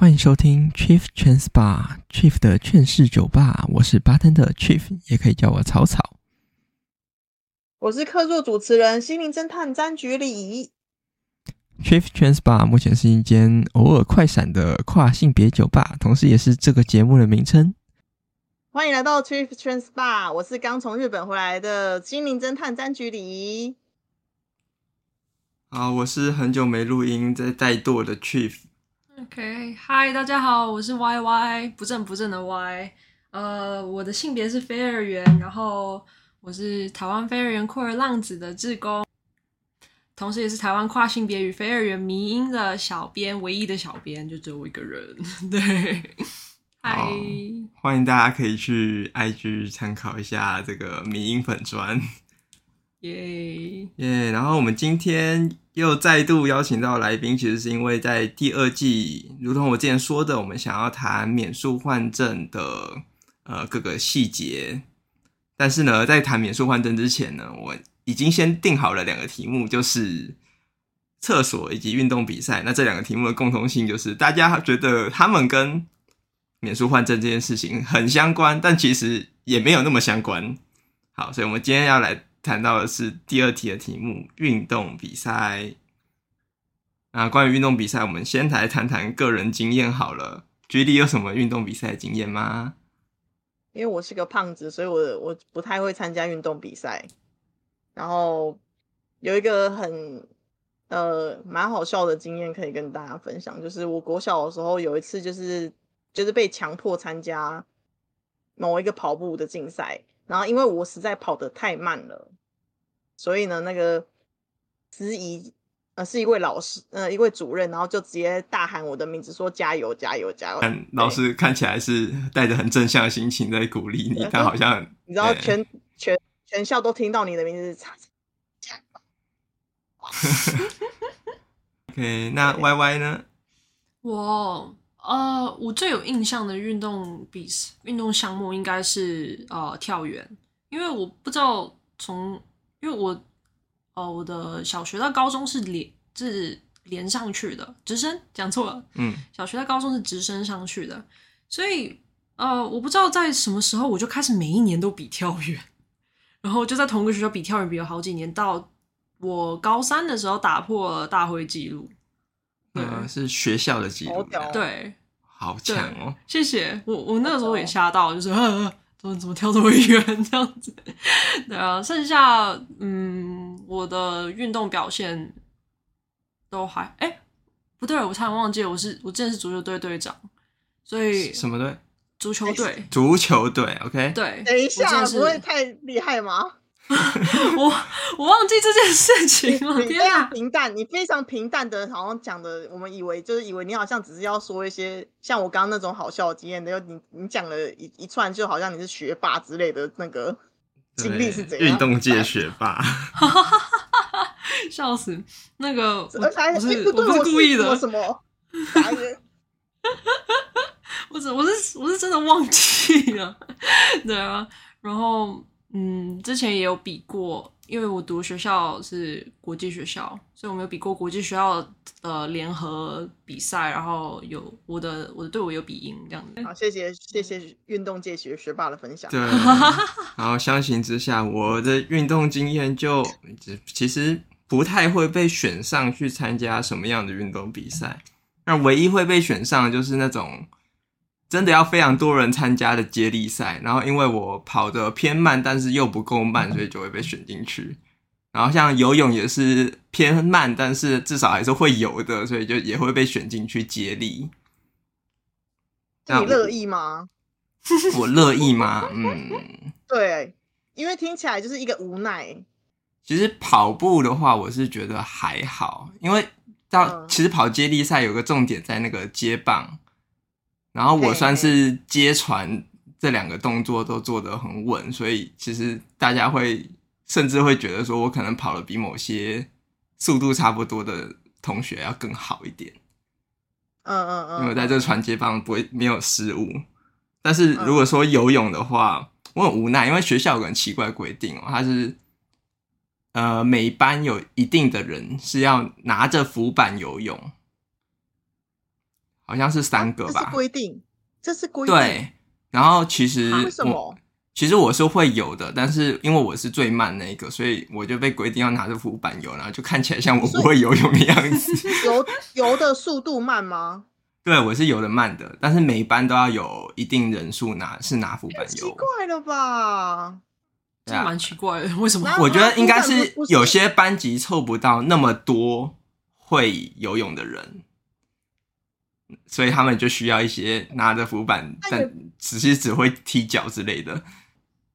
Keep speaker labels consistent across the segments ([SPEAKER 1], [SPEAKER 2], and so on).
[SPEAKER 1] 歡迎收聽 Chief Trans Bar Chief 的勸世酒吧，我是巴登的 Chief，也可以叫我草草。
[SPEAKER 2] 我是客座主持人，心靈偵探詹菊里。
[SPEAKER 1] Chief Trans Bar 目前是一間偶爾快閃的跨性別酒吧，同時也是這個節目的名稱。
[SPEAKER 2] 歡迎來到 Chief Trans Bar，我是剛從日本回來的心靈偵探詹菊里。
[SPEAKER 1] 啊，我是很久沒錄音在怠惰的 Chief。
[SPEAKER 3] OK，嗨，大家好，我是歪歪，不正不正的歪。呃，我的性別是非二元，然後我是台灣非二元酷兒浪子的志工，同時也是台灣跨性別與非二元迷因的小編，唯一的小編就只有我一個人。對，嗨，
[SPEAKER 1] 歡迎大家可以去 IG 參考一下這個迷因粉專，
[SPEAKER 3] 耶
[SPEAKER 1] 耶。然後我們今天。又再度邀請到來賓，其實是因為在第二季，如同我之前說的，我們想要談免術換證的呃各個細節。但是呢，在談免術換證之前呢，我已經先定好了兩個題目，就是廁所以及運動比賽。那這兩個題目的共同性就是，大家覺得他們跟免術換證這件事情很相關，但其實也沒有那麼相關。好，所以我們今天要來。談到的是第二題的題目，運動比賽。啊，關於運動比賽，我們先來談談個人經驗好了。局裡 d 有什麼運動比賽的經驗嗎？
[SPEAKER 2] 因為我是個胖子，所以我我不太會參加運動比賽。然後有一個很呃蠻好笑的經驗可以跟大家分享，就是我國小的時候有一次，就是，就是就是被強迫參加某一個跑步的競賽，然後因為我實在跑得太慢了。所以呢，那個司儀，呃，是一位老師，呃，一位主任，然後就直接大喊我的名字，說加油，加油，加油！
[SPEAKER 1] 老師看起來是帶着很正向的心情在鼓勵你，他好像很，你知道，全
[SPEAKER 2] 全全校都聽到你的名字是，是叉叉。
[SPEAKER 1] OK 那歪歪呢？
[SPEAKER 3] 我呃，我最有印象的運動比運動項目應該是呃跳遠，因為我不知道從。因為我，哦、呃，我的小學到高中是連是連上去的，直升講錯了，嗯，小學到高中是直升上去的，所以，呃，我不知道在什麼時候我就開始每一年都比跳遠，然後就在同一個學校比跳遠比了好幾年，到我高三的時候打破了大會記錄，
[SPEAKER 1] 那、嗯嗯、是學校的記錄、哦，對，好強哦，
[SPEAKER 3] 謝謝，我我那個時候也嚇到、哦，就是啊啊啊怎麼怎麼跳這麼遠這樣子？對啊，剩下嗯，我的運動表現都還……哎、欸，不對，我差點忘記，我是我之前是足球隊隊長，所以
[SPEAKER 1] 什麼隊？
[SPEAKER 3] 足
[SPEAKER 2] 球隊、
[SPEAKER 1] 欸。足球隊，OK。對，
[SPEAKER 2] 等一下，不會太厲害嗎？我 我忘記這件事情了。你，你非常平淡，你非常平淡的，好像講的，我們以為就是以為你好像只是要說一些像我剛剛那種好笑的經驗的。又你你講了一一串，就好像你是學霸之類的那個經歷是怎樣？運動界學霸，笑，， 笑死！那個我，我是我不是故意的，什 麼？
[SPEAKER 3] 我我我是我是真的忘記了， 對啊，然後。嗯，之前也有比過，因為我讀學校是國際學校，所以我沒有比過國際學校的、
[SPEAKER 2] 呃、聯合比賽。然後有我的我的隊伍有比贏這樣子。好，謝謝謝謝運動界學學霸的分享。對，
[SPEAKER 1] 然後相形之下，我的運動經驗就其實不太會被選上去參加什麼樣的運動比賽。那唯一會被選上的就是那種。真的要非常多人參加的接力賽，然後因為我跑得偏慢，但是又不夠慢，所以就會被選進去。然後像游泳也是偏慢，但是至少還是會游的，所以就也會被選進去接力。你樂意嗎？我樂意嗎？ 嗯，
[SPEAKER 2] 對，因為聽起來就是一個無奈。
[SPEAKER 1] 其實跑步的話，我是覺得還好，因為到其實跑接力賽有個重點在那個接棒。然後我算是接傳這兩個動作都做得很穩，所以其實大家會甚至會覺得說，我可能跑得比某些速度差不多的同學要更好一點。
[SPEAKER 2] 嗯嗯嗯，因為在這傳
[SPEAKER 1] 接棒不會沒有失誤。但是如果說游泳的話，我很無奈，因為學校有個很奇怪規定哦，它是呃每班有一定的人是要拿着浮板游泳。好像是三個吧。啊、這是規
[SPEAKER 2] 定，這是規
[SPEAKER 1] 定。對。然後其實我、啊、為什麼？其實我是會游的，但是因為我是最慢那一個，所以我就被規定要拿着浮板游，然後就看起來像我不會游泳的樣子。 游
[SPEAKER 2] 游的速度慢嗎？
[SPEAKER 1] 對，我是游的慢的，但是每一班都要有一定人數拿是拿浮板游的，奇
[SPEAKER 2] 怪了吧？
[SPEAKER 1] 啊、這蠻
[SPEAKER 2] 奇怪的，為什麼？我
[SPEAKER 1] 覺得應該是有些班級湊不到那麼多會游泳的人。所以他們就需要一些拿着浮板，但只是，是但只會踢腳之類的，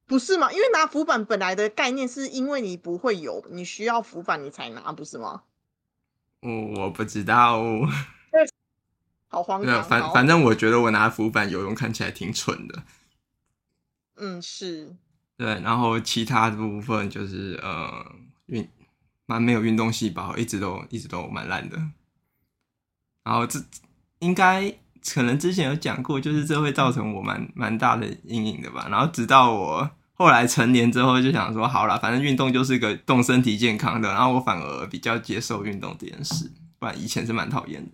[SPEAKER 2] 不是嗎？因為拿浮板本來的概念是因為你不會游，你需要浮板你才拿，不是嗎？
[SPEAKER 1] 哦，我不知道，
[SPEAKER 2] 好慌張，反反正
[SPEAKER 1] 我覺得我拿浮板游泳看起來挺蠢的。
[SPEAKER 2] 嗯，是。
[SPEAKER 1] 對，然後其他的部分就是呃，運，蠻沒有運動細胞，一直都一直都蠻爛的。然後這。應該可能之前有講過，就是這會造成我蠻蠻大的陰影的吧。然後直到我後來成年之後，就想說好了，反正運動就是一個動身體健康的，然後我反而比較接受運動這件事，不然以前是蠻討厭的。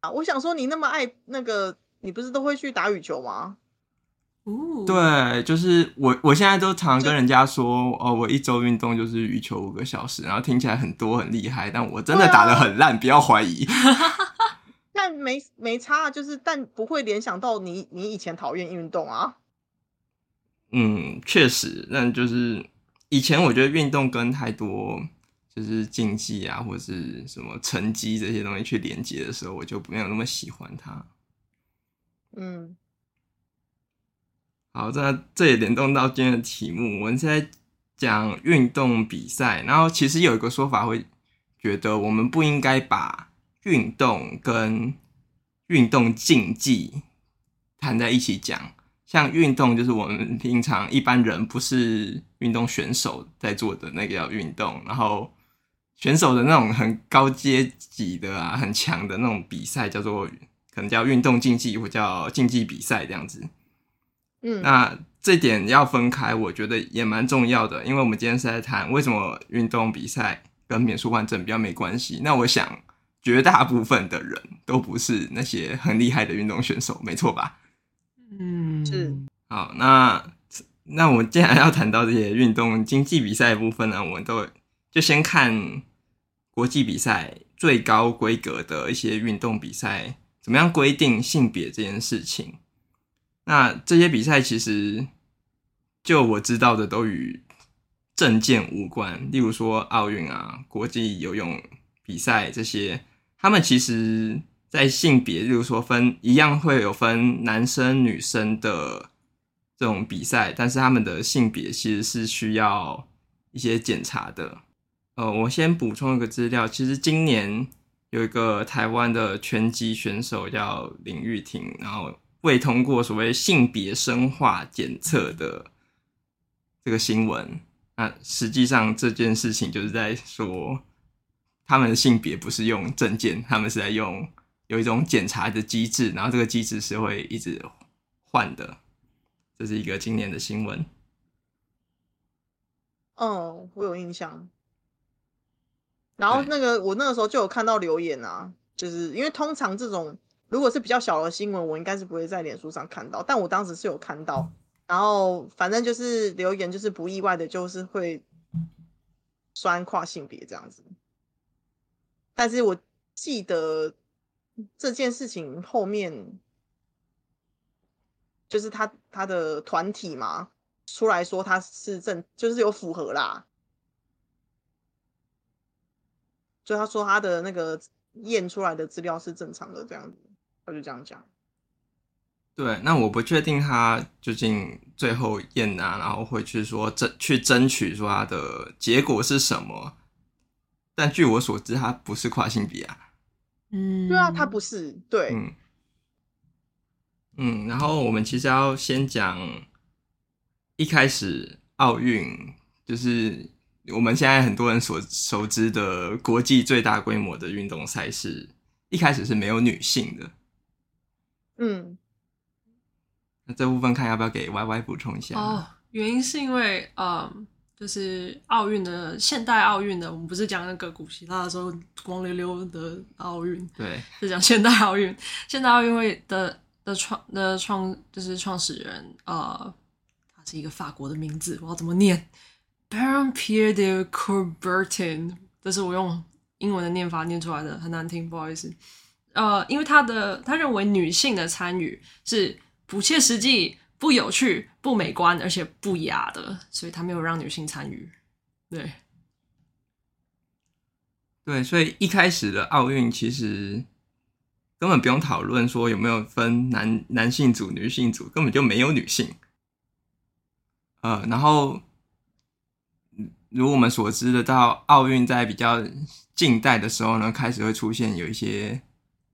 [SPEAKER 2] 啊，我想說你那麼愛那個，你不是都會去打羽球嗎？
[SPEAKER 1] 對，就是我，我現在都常跟人家說，嗯、哦，我一周運動就是羽球五個小時，然後聽起來很多很厲害，但我真的打得很爛、啊，不要懷疑。
[SPEAKER 2] 那 沒沒差，就是但不會聯想到你，你以前討厭運動啊？嗯，
[SPEAKER 1] 確實，那就是以前我覺得運動跟太多就是競技啊，或者是什麼成績這些東西去連接的時候，我就沒有那麼喜歡它。
[SPEAKER 2] 嗯。
[SPEAKER 1] 好，這這也聯動到今天的題目。我們現在講運動比賽，然後其實有一個說法，會覺得我們不應該把運動跟運動競技談在一起講。像運動就是我們平常一般人不是運動選手在做的那個叫運動，然後選手的那種很高階級的啊很強的那種比賽，叫做可能叫運動競技或叫競技比賽這樣子。嗯，那這點要分開，我覺得也蠻重要的，因為我們今天是在談為什麼運動比賽跟免術換證比較沒關係。那我想，絕大部分的人都不是那些很厲害的運動選手，沒錯吧？嗯，
[SPEAKER 2] 是。
[SPEAKER 1] 好，那那我們接下來要談到這些運動競技比賽部分呢，我們都就先看國際比賽最高規格的一些運動比賽，怎麼樣規定性別這件事情。那這些比賽其實，就我知道的都與證件無關，例如說奧運啊、國際游泳比賽這些，他們其實，在性別，例如說分一樣會有分男生女生的這種比賽，但是他們的性別其實是需要一些檢查的。呃，我先補充一個資料，其實今年有一個台灣的拳擊選手叫林玉婷，然後。未通過所謂性別生化檢測的這個新聞，那實際上這件事情就是在說，他們的性別不是用證件，他們是在用有一種檢查的機制，然後這個機制是會一直換的，這是一個今年的新聞。
[SPEAKER 2] 哦，我有印象。然後那個我那個時候就有看到留言啊，就是因為通常這種。如果是比較小的新聞，我應該是不會在臉書上看到，但我當時是有看到，然後反正就是留言，就是不意外的，就是會酸跨性別這樣子。但是我記得這件事情後面，就是他他的團體嘛，出來說他是正，就是有符合啦，就他說他的那個驗出來的資料是正常的這樣子。他就這樣講。
[SPEAKER 1] 對，那我不確定他究竟最後驗吶、啊，然後會去說爭去爭取說他的結果是什麼。但據我所知，他不是跨性別。
[SPEAKER 2] 嗯，對、嗯、啊，他不是。對，
[SPEAKER 1] 嗯，然後我們其實要先講一開始奧運，就是我們現在很多人所熟知的國際最大規模的運動賽事，一開始是沒有女性的。嗯，那這部分看要不要給歪歪補充一下哦？Oh,
[SPEAKER 3] 原因是因為，嗯、呃，就是奧運的現代奧運的，我們不是講那個古希臘的時候光溜溜的奧運，對，是講現代奧運。現代奧運會的的，的創的創就是創始人啊、呃，他是一個法國的名字，我要怎麼念？Pierre de Coubertin，這是我用英文的念法念出來的，很難聽，不好意思。呃，因為他的他認為女性的參與是不切實際、不有趣、不美觀，而且不雅的，所以他沒有讓女性參與。對，
[SPEAKER 1] 對，所以一開始的奧運其實根本不用討論說有沒有分男男性組、女性組，根本就沒有女性。呃，然後如我們所知的到，到奧運在比較近代的時候呢，開始會出現有一些。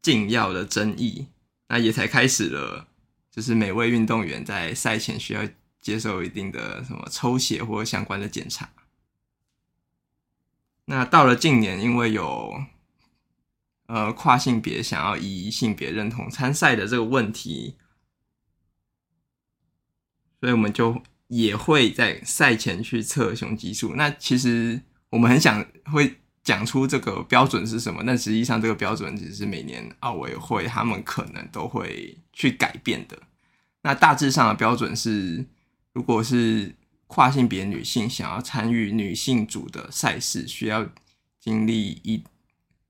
[SPEAKER 1] 禁藥的爭議，那也才開始了。就是每位運動員在賽前需要接受一定的什麼抽血或相關的檢查。那到了近年，因為有呃跨性別想要以性別認同參賽的這個問題，所以我們就也會在賽前去測雄激素。那其實我們很想會。講出這個標準是什麼？但實際上，這個標準只是每年奧委會他們可能都會去改變的。那大致上的標準是，如果是跨性別女性想要參與女性組的賽事，需要經歷一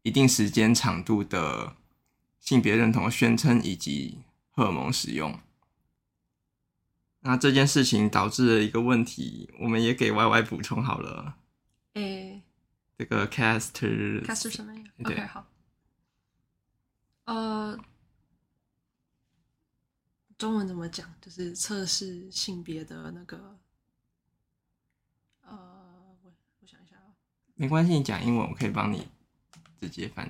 [SPEAKER 1] 一定時間長度的性別認同宣稱以及荷爾蒙使用。那這件事情導致了一個問題，我們也給歪歪補充好了。誒、嗯。這個 caster caster
[SPEAKER 3] 什麼呀？對，okay, 好。呃、uh,，中文怎麼講？就是測試性別的那個。呃，
[SPEAKER 1] 我我想一下。沒關係，你講英文我可以幫你直接翻。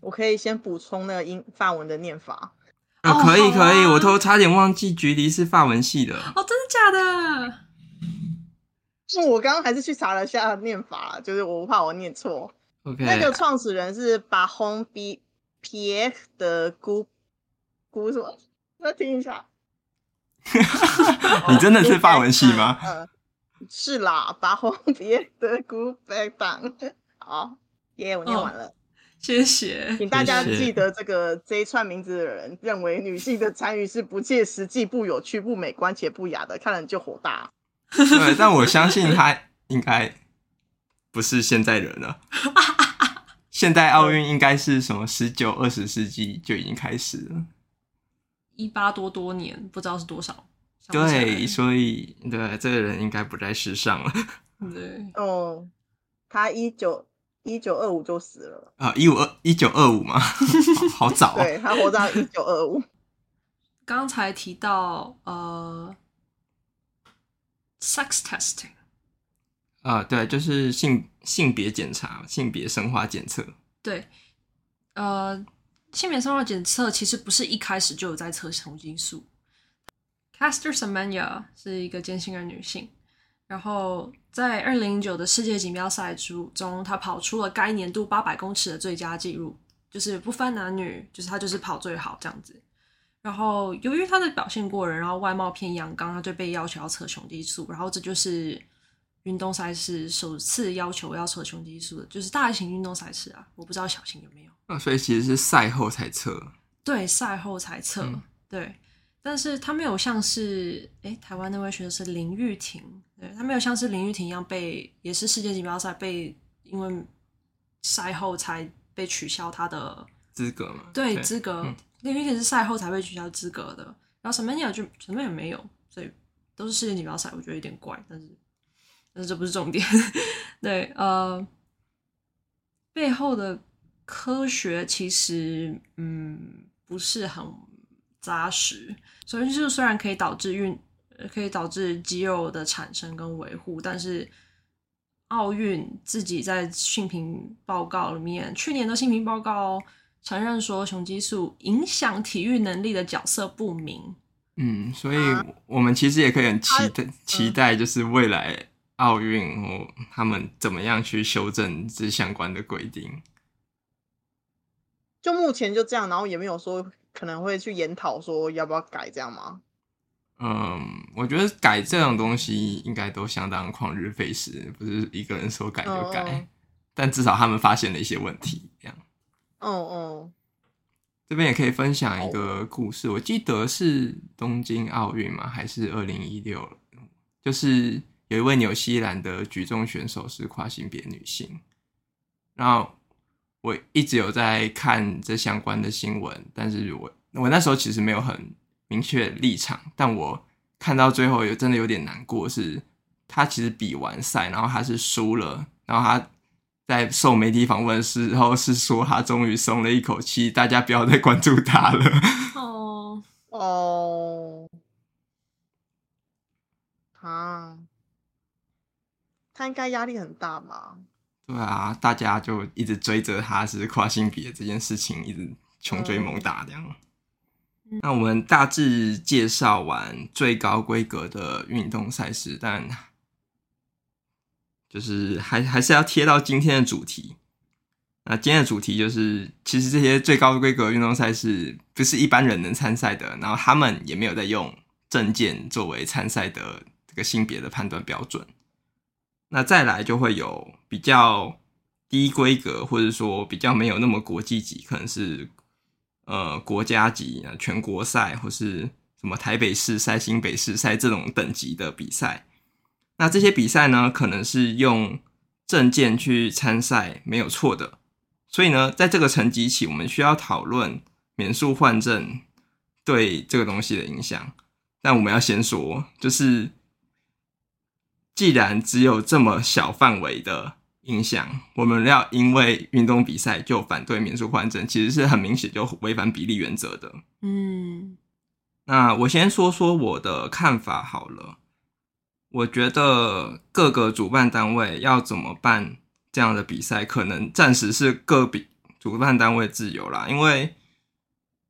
[SPEAKER 2] 我可以先補充那個英法文的念法。啊、呃，可以、oh, 可以，oh, 可以 oh,
[SPEAKER 1] 我都差點忘記、oh, 橘浬是法文系的。
[SPEAKER 2] 哦、oh,，真的假的？嗯、我剛剛還是去查了一下念法，就是我不怕我念錯。
[SPEAKER 1] Okay. 那個
[SPEAKER 2] 創始人是巴洪比皮的姑姑。什麼？那聽一下。 你真的是法文系嗎？ 系嗎 嗯，是啦。巴洪比的姑 b a 好，耶、yeah,，我念完了，oh, 謝謝。請大家記得，這個這一串名字的人謝謝認為女性的參與是不切實際、不有趣、不美觀且不雅的，看了你就火大。
[SPEAKER 1] 對，但我相信他應該不是現在人了。 現代奧運應該是什麼十九、二十世紀就已經開始了。
[SPEAKER 3] 一八多多年，不知道是多少。對，
[SPEAKER 1] 所以對這個人應該不在世上了。對，哦、
[SPEAKER 2] 嗯，他一九一九二五就死
[SPEAKER 1] 了啊，一五二一九二五嘛，好早。 對，他活
[SPEAKER 2] 到一九二五。
[SPEAKER 3] 剛 才提到呃。Sex testing，
[SPEAKER 1] 啊、呃，對，就是性性別檢查，性別生化檢測。
[SPEAKER 3] 對，呃，性別生化檢測其實不是一開始就有在測雄激素。Caster Semenya 是一個兼性人女性，然後在二零零九的世界錦標賽中，她跑出了該年度八百公尺的最佳紀錄，就是不分男女，就是她就是跑最好這樣子。然後由於他的表現過人，然後外貌偏陽剛，他就被要求要測雄激素。然後這就是運動賽事首次要求要測雄激素的，就是大型運動賽事啊，我不知道小型有沒有。
[SPEAKER 1] 那、啊、所以其實是賽後才測。
[SPEAKER 3] 對，賽後才測、嗯。對，但是他沒有像是哎、欸、台灣那位選手是林玉婷，對他沒有像是林玉婷一樣被也是世界錦標賽被因為賽後才被取消他的
[SPEAKER 1] 資格嘛？對，資格。
[SPEAKER 3] 嗯那應該是賽後才會取消資格的，然後什麼也沒有，就什麼也沒有，所以都是世界錦標賽，我覺得有點怪，但是但是這不是重點。 對，呃，背後的科學其實嗯不是很紮實，所以就是雖然可以導致運，可以導致肌肉的產生跟維護，但是奧運自己在性平報告裡面，去年的性平報告。承認說雄激素影響體育能力的角色不明，
[SPEAKER 1] 嗯，所以我們其實也可以很期待、啊啊、期待，就是未來奧運或他們怎麼樣去修正這相關的規定。
[SPEAKER 2] 就目前就這樣，然後也沒有說可能會去研討說要不要改這樣嗎？嗯，
[SPEAKER 1] 我覺得改這種東西應該都相當曠日費時，不是一個人說改就改嗯嗯。但至少他們發現了一些問題，這樣。哦哦，這邊也可以分享一個故事。我記得是東京奧運嗎？還是二零一六？就是有一位紐西蘭的舉重選手是跨性別女性。然後我一直有在看這相關的新聞，但是我我那時候其實沒有很明確立場。但我看到最後，也真的有點難過是，是她其實比完賽，然後他是輸了，然後他。在受媒體訪問的時候，是說他終於鬆了一口氣，大家不要再關注他
[SPEAKER 2] 了。哦哦啊！他應該壓力很大吧？
[SPEAKER 1] 對啊，大家就一直追着他是跨性別這件事情，一直窮追猛打這樣。Oh. 那我們大致介紹完最高規格的運動賽事，但。就是還還是要貼到今天的主題，那今天的主題就是，其實這些最高規格運動賽事不是一般人能參賽的，然後他們也沒有在用證件作為參賽的這個性別的判斷標準。那再來就會有比較低規格，或者說比較沒有那麼國際級，可能是呃國家級啊、全國賽，或是什麼台北市賽、新北市賽這種等級的比賽。那這些比賽呢，可能是用證件去參賽，沒有錯的。所以呢，在這個層級起，我們需要討論免術換證對這個東西的影響。但我們要先說，就是既然只有這麼小範圍的影響，我們要因為運動比賽就反對免術換證，其實是很明顯就違反比例原則的。嗯，那我先說說我的看法好了。我覺得各個主辦單位要怎麼辦這樣的比賽，可能暫時是各個主辦單位自由啦，因為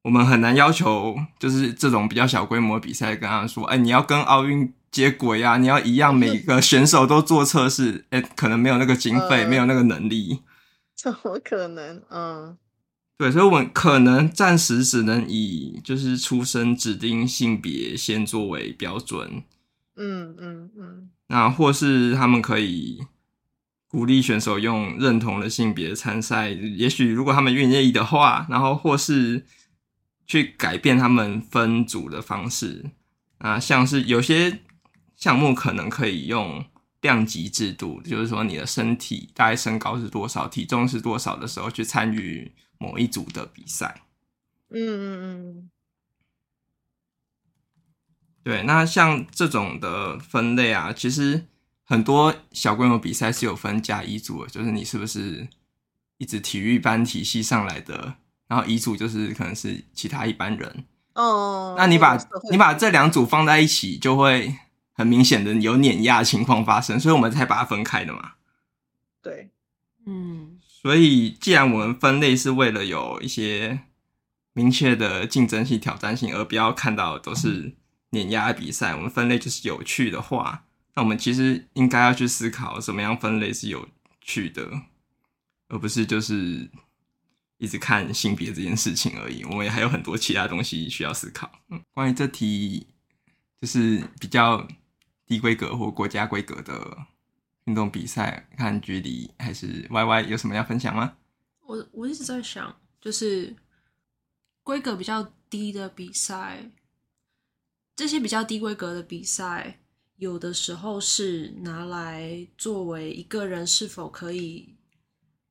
[SPEAKER 1] 我們很難要求，就是這種比較小規模的比賽，跟他說：“哎、欸，你要跟奧運接軌呀、啊，你要一樣，每個選手都做測試。欸”哎，可能沒有那個經費，沒有那個能力。
[SPEAKER 2] 怎麼可能？嗯，
[SPEAKER 1] 對，所以，我們可能暫時只能以就是出生指定性別先作為標準。嗯嗯嗯，那或是他們可以鼓勵選手用認同的性別參賽，也許如果他們願意的話，然後或是去改變他們分組的方式啊，那像是有些項目可能可以用量級制度，就是說你的身體大概身高是多少，體重是多少的時候去參與某一組的比賽。嗯嗯
[SPEAKER 3] 嗯。嗯
[SPEAKER 1] 對，那像這種的分類啊，其實很多小規模比賽是有分甲乙組的，就是你是不是一直體育班體系上來的，然後乙組就是可能是其他一般人。哦、oh，那你把你把這兩組放在一起，就會很明顯的有碾壓情況發生，所以我們才把它分開的嘛。
[SPEAKER 2] 對，嗯。
[SPEAKER 1] 所以既然我們分類是為了有一些明確的競爭性、挑戰性，而不要看到都是、嗯。碾壓比賽，我們分類就是有趣的話，那我們其實應該要去思考，什麼樣分類是有趣的，而不是就是一直看性別這件事情而已。我們也還有很多其他東西需要思考。嗯，關於這題，就是比較低規格或國家規格的運動比賽，看距離還是歪歪有什麼要分享嗎？
[SPEAKER 3] 我我一直在想，就是規格比較低的比賽。這些比較低規格的比賽，有的時候是拿來作為一個人是否可以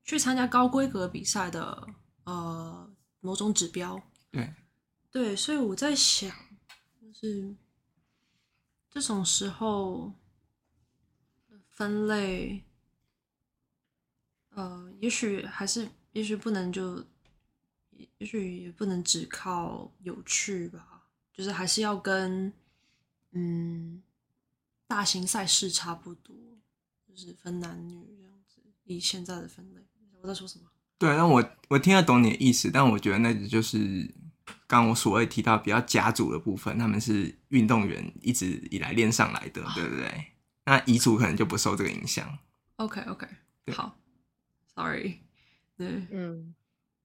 [SPEAKER 3] 去參加高規格比賽的呃某種指標。對、嗯，對，所以我在想，就是這種時候分類，呃，也許還是，也許不能就，也許也不能只靠有趣吧。就是還是要跟，嗯，大型賽事差不多，就是分男女這樣子，以現在的分類。我在說什麼？
[SPEAKER 1] 對，那我我聽得懂你的意思，但我覺得那就是剛我所謂提到比較甲組的部分，他們是運動員一直以來練上來的，啊，對不對，對？那乙組可能就不受這個影響。
[SPEAKER 3] OK OK，
[SPEAKER 1] 對，好，Sorry，嗯
[SPEAKER 3] 嗯，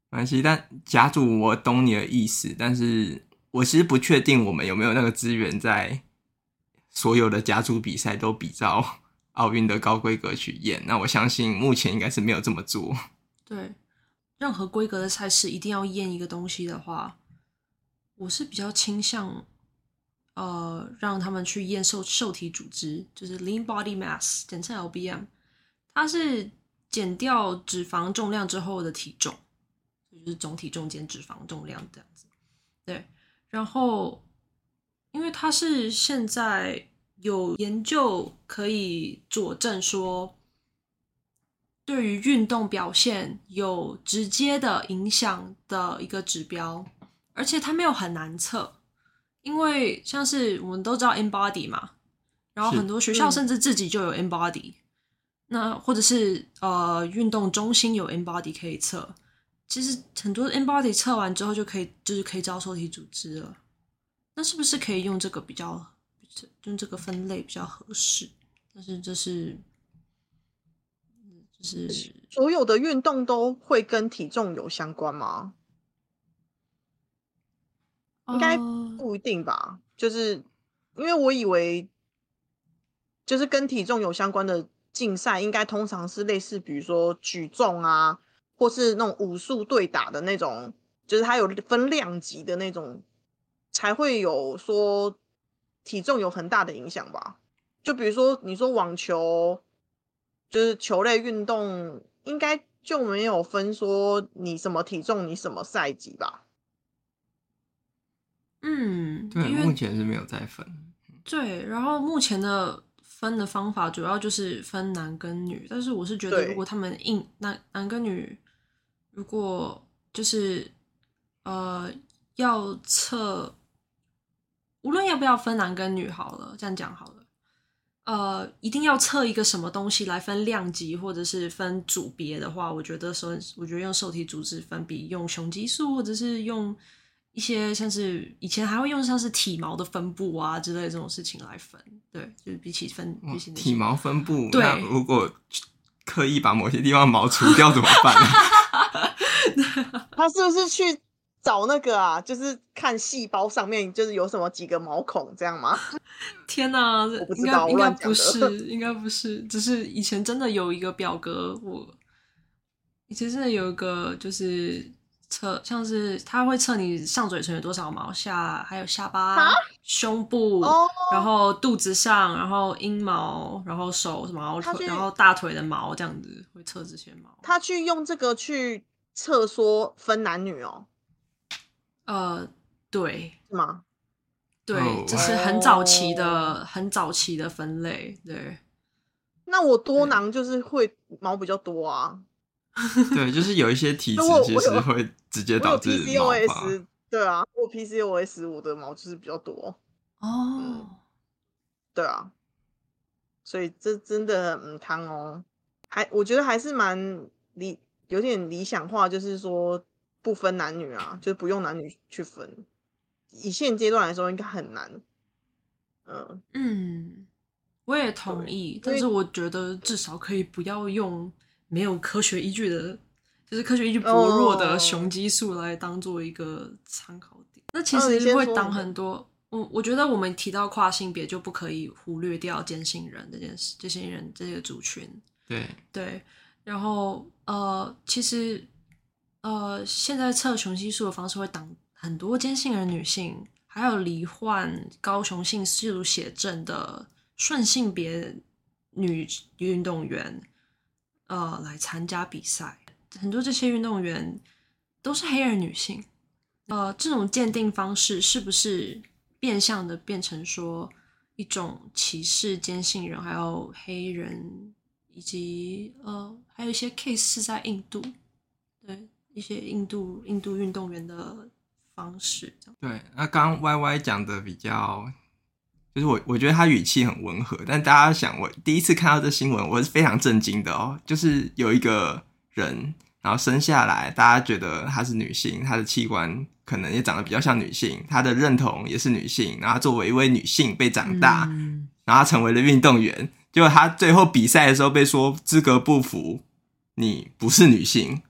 [SPEAKER 3] 沒
[SPEAKER 1] 關係。但甲組我懂你的意思，但是。我其實不確定我們有沒有那個資源，在所有的甲組比賽都比照奧運的高規格去驗。那我相信目前應該是沒有這麼做。對，
[SPEAKER 3] 任何規格的賽事一定要驗一個東西的話，我是比較傾向，呃，讓他們去驗瘦瘦體組織，就是 lean body mass 簡稱 LBM，它是減掉脂肪重量之後的體重，就是總體重減脂肪重量這樣子。對。然後，因為它是現在有研究可以佐證說，對於運動表現有直接的影響的一個指標，而且它沒有很難測，因為像是我們都知道 InBody 嘛，然後很多學校甚至自己就有 InBody，那或者是呃運動中心有 InBody 可以測。其實很多的 InBody 測完之後就可以，就是可以招收體組織了。那是不是可以用這個比較，用這個分類比較合適？但是
[SPEAKER 2] 這是，就、嗯、是所有的運動都會跟體重有相關嗎？
[SPEAKER 1] 嗯、應該
[SPEAKER 2] 不一定吧。就是因為我以為，就是跟體重有相關的競賽，應該通常是類似比如說舉重啊。或是那種武術對打的那種，就是它有分量級的那種，才會有說體重有很大的影響吧？就比如說你說網球，就是球類運動，應該就沒有分說你什麼體重你什麼賽級吧？嗯，
[SPEAKER 1] 對，目前是沒有再分。
[SPEAKER 3] 對，然後目前的分的方法主要就是分男跟女，但是我是覺得如果他們硬男男跟女。如果就是呃要測，無論要不要分男跟女好了，這樣講好了。呃，一定要測一個什麼東西來分量級或者是分組別的話，我覺得說我覺得用受體組織分比用雄激素或者是用一些像是以前還會用像是體毛的分布啊之類的這種事情來分，對，就是比起分比起，哦、體
[SPEAKER 1] 毛分布，對，那如果刻意把某些地方毛除掉怎麼辦，啊？
[SPEAKER 2] 他是不是去找那個啊？就是看細胞上面就是有什麼幾個毛孔這樣嗎？天哪，我不知道，應該我應該不是，應該
[SPEAKER 3] 不是，只是以前真的有一個表格，我以前真的有一個就是。測像是他會測你上嘴唇有多少毛，下，還有下巴、胸部，oh. 然後肚子上，然後陰毛，然後手，然後，然後大腿的毛這樣子會測這些毛。
[SPEAKER 2] 他去用這個去測說分男女哦。呃，
[SPEAKER 3] 對，
[SPEAKER 2] 是嗎？
[SPEAKER 1] 對，oh, wow. 這是很
[SPEAKER 3] 早期的，很早期的分類。對，
[SPEAKER 2] 那我多囊就是會毛比較多啊。
[SPEAKER 1] 對，就是有一些體質其實會直接導致 PCOS。
[SPEAKER 2] 對啊，我 PCOS，我的毛就是比較多。哦，嗯、對啊，所以這真的嗯，湯哦，還我覺得還是蠻理，有點理想化，就是說不分男女啊，就是不用男女去分。以現階段來說，應該很難。嗯嗯，
[SPEAKER 3] 我也同意，但是我覺得至少可以不要用。沒有科學依據的，就是科學依據薄弱的雄激素來當做一個參考點。Oh. 那其實會擋很多。Oh, 我我覺得我們提到跨性別就不可以忽略掉間性人這件事，間性人這個族群。對對，然後呃，其實呃，現在測雄激素的方式會擋很多間性人女性，還有罹患高雄性激素血症的順性別女運動員。呃，來參加比賽，很多這些運動員都是黑人女性。呃，這種鑑定方式是不是變相的變成說一種歧視間性人，還有黑人，以及呃，還有一些 case 是在印度，對一些印度印度運動員的方式。
[SPEAKER 1] 對，那剛歪歪講的比較。就是我，我覺得他語氣很溫和，但大家想，我第一次看到這新聞，我是非常震驚的哦。就是有一個人，然後生下來，大家覺得她是女性，她的器官可能也長得比較像女性，她的認同也是女性，然後作為一位女性被長大，嗯、然後成為了運動員，結果她最後比賽的時候被說資格不符，你不是女性。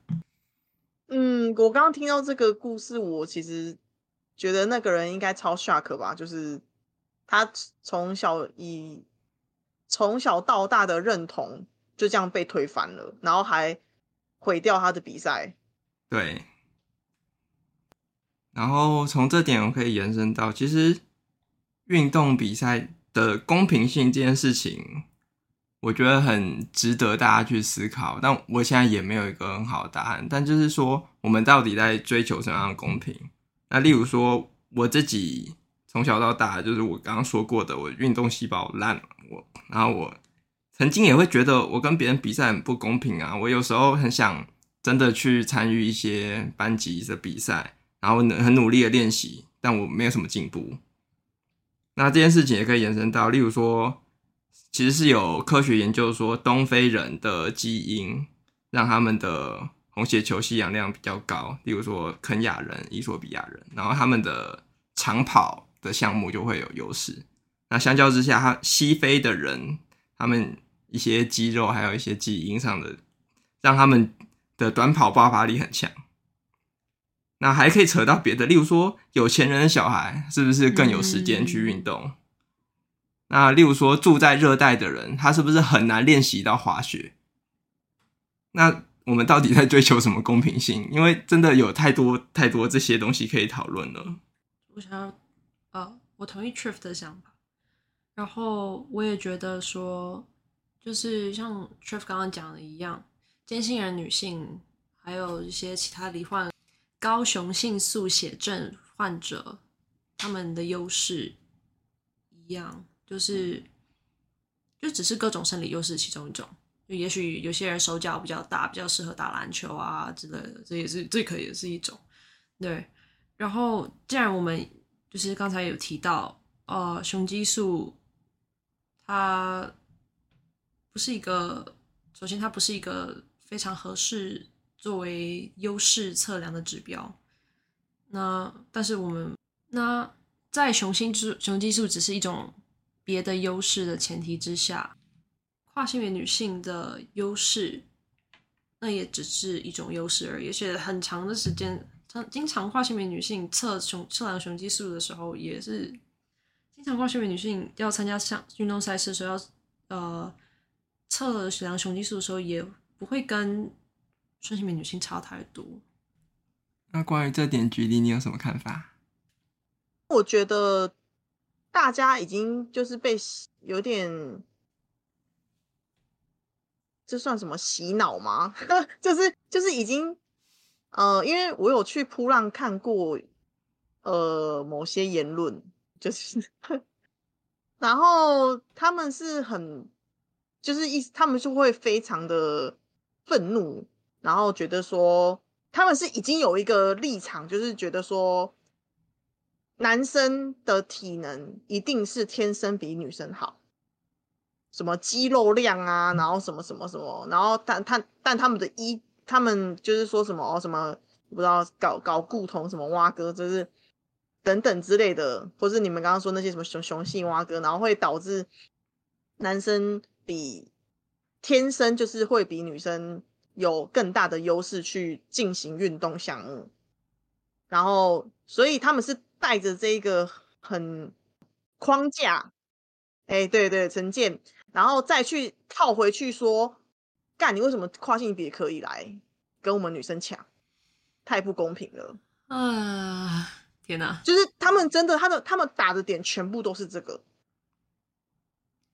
[SPEAKER 2] 嗯，我剛剛聽到這個故事，我其實覺得那個人應該超 shock 吧，就是。他從小以從小到大的認同就這樣被推翻了，然後還毀掉他的比賽。
[SPEAKER 1] 對。然後從這點我可以延伸到，其實運動比賽的公平性這件事情，我覺得很值得大家去思考。但我現在也沒有一個很好的答案。但就是說，我們到底在追求什麼樣的公平？那例如說我自己。從小到大，就是我剛剛說過的，我運動細胞爛了，我然後我曾經也會覺得我跟別人比賽很不公平啊。我有時候很想真的去參與一些班級的比賽，然後很努力的練習，但我沒有什麼進步。那這件事情也可以延伸到，例如說，其實是有科學研究說，東非人的基因讓他們的紅血球吸氧量比較高，例如說肯亞人、伊索比亞人，然後他們的長跑。的項目就會有優勢。那相較之下，他西非的人，他們一些肌肉，還有一些基因上的，讓他們的短跑爆發力很強。那還可以扯到別的，例如說有錢人的小孩是不是更有時間去運動？嗯。那例如說住在熱帶的人，他是不是很難練習到滑雪？那我們到底在追求什麼公平性？因為真的有太多太多這些東西可以討論了。
[SPEAKER 3] 我想呃、哦，我同意 Triff 的想法，然後我也覺得說，就是像 Triff 剛剛講的一樣，間性人女性還有一些其他罹患高雄性素血症患者，他們的優勢一樣，就是就只是各種生理優勢其中一種，就也許有些人手腳比較大，比較適合打籃球啊之類的，這也是最可以的是一種。對，然後既然我們。就是剛才有提到，呃，雄激素它不是一個，首先它不是一個非常合適作為優勢測量的指標。那但是我們那在雄性雄激素只是一種別的優勢的前提之下，跨性別女性的優勢，那也只是一種優勢而已，而且很長的時間。經常跨性別女性測雄測量雄激素的時候，也是經常跨性別女性要參加項運動賽事時候，要呃測血量雄激素的時候，也不會跟順性別女性差太多。
[SPEAKER 1] 那關於這點舉例，你有什麼看法？
[SPEAKER 2] 我覺得大家已經就是被有點這算什麼洗腦嗎？ 就是就是已經。呃，因為我有去噗浪看過，呃，某些言論就是，然後他們是很，就是一，他們就會非常的憤怒，然後覺得說，他們是已經有一個立場，就是覺得說，男生的體能一定是天生比女生好，什麼肌肉量啊，嗯、然後什麼什麼什麼，然後但但但他們的一。他們就是說什麼哦，什麼不知道搞搞固酮什麼挖哥，就是等等之類的，或是你們剛剛說那些什麼雄雄性挖哥，然後會導致男生比天生就是會比女生有更大的優勢去進行運動項目，然後所以他們是帶着這一個很框架，哎、欸、對對成見，然後再去套回去說。那你為什麼跨性別可以來跟我們女生搶？太不公平了！啊、呃，天哪！就是他們真的，他的他們打的點全部都是這個。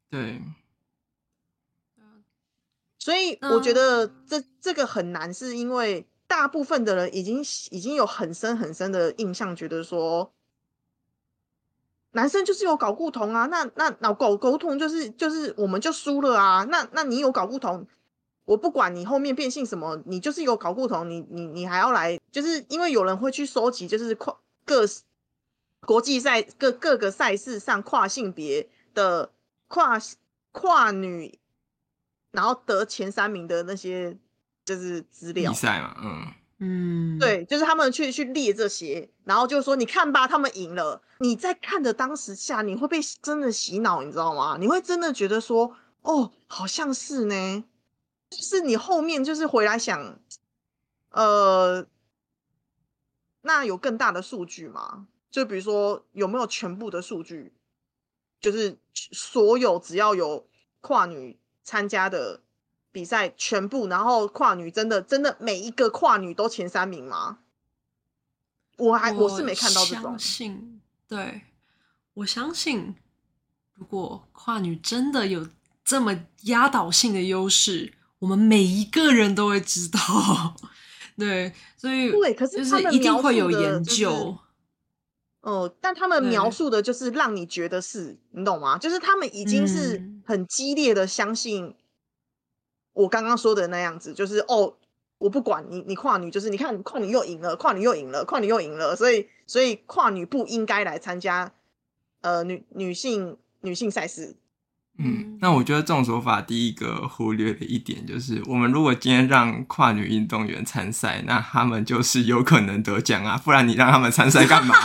[SPEAKER 1] 對。
[SPEAKER 2] 所以我覺得這、呃、這個很難，是因為大部分的人已經已經有很深很深的印象，覺得說男生就是有睪固酮啊，那那老睪固酮就是就是我們就輸了啊，那那你有睪固酮？我不管你後面變性什麼，你就是有睪固酮，你你你還要來，就是因為有人會去收集，就是跨各、各國際賽各各個賽事上跨性別的跨跨女，然後得前三名的那些就是資料比賽嘛，嗯嗯，對，就是他們去去列這些，然後就說，你看吧，他們贏了，你在看的當下，你會被真的洗腦，你知道嗎？你會真的覺得說哦，好像是呢。就是你後面就是回來想，呃，那有更大的數據嗎？就比如說有沒有全部的數據？就是所有只要有跨女參加的比賽全部，然後跨女真的真的每一個跨女都前三名嗎？
[SPEAKER 3] 我
[SPEAKER 2] 還我是沒看到這種。
[SPEAKER 3] 我相信對，我相信如果跨女真的有這麼壓倒性的優勢。我們每一個人都會知道，對，
[SPEAKER 2] 所以對，可是就是一定會有研究，哦、就是嗯，但他們描述的就是讓你覺得是，你懂嗎？就是他們已經是很激烈的相信我剛剛說的那樣子，就是哦，我不管你，你跨女，就是你看跨女又贏了，跨女又贏了，跨女又贏了，了，所以所以跨女不應該來參加呃女女性女性賽事。
[SPEAKER 1] 嗯，那我覺得這種說法，第一個忽略的一點就是，我們如果今天讓跨女運動員參賽，那他們就是有可能得獎啊，不然你讓他們參賽幹嘛？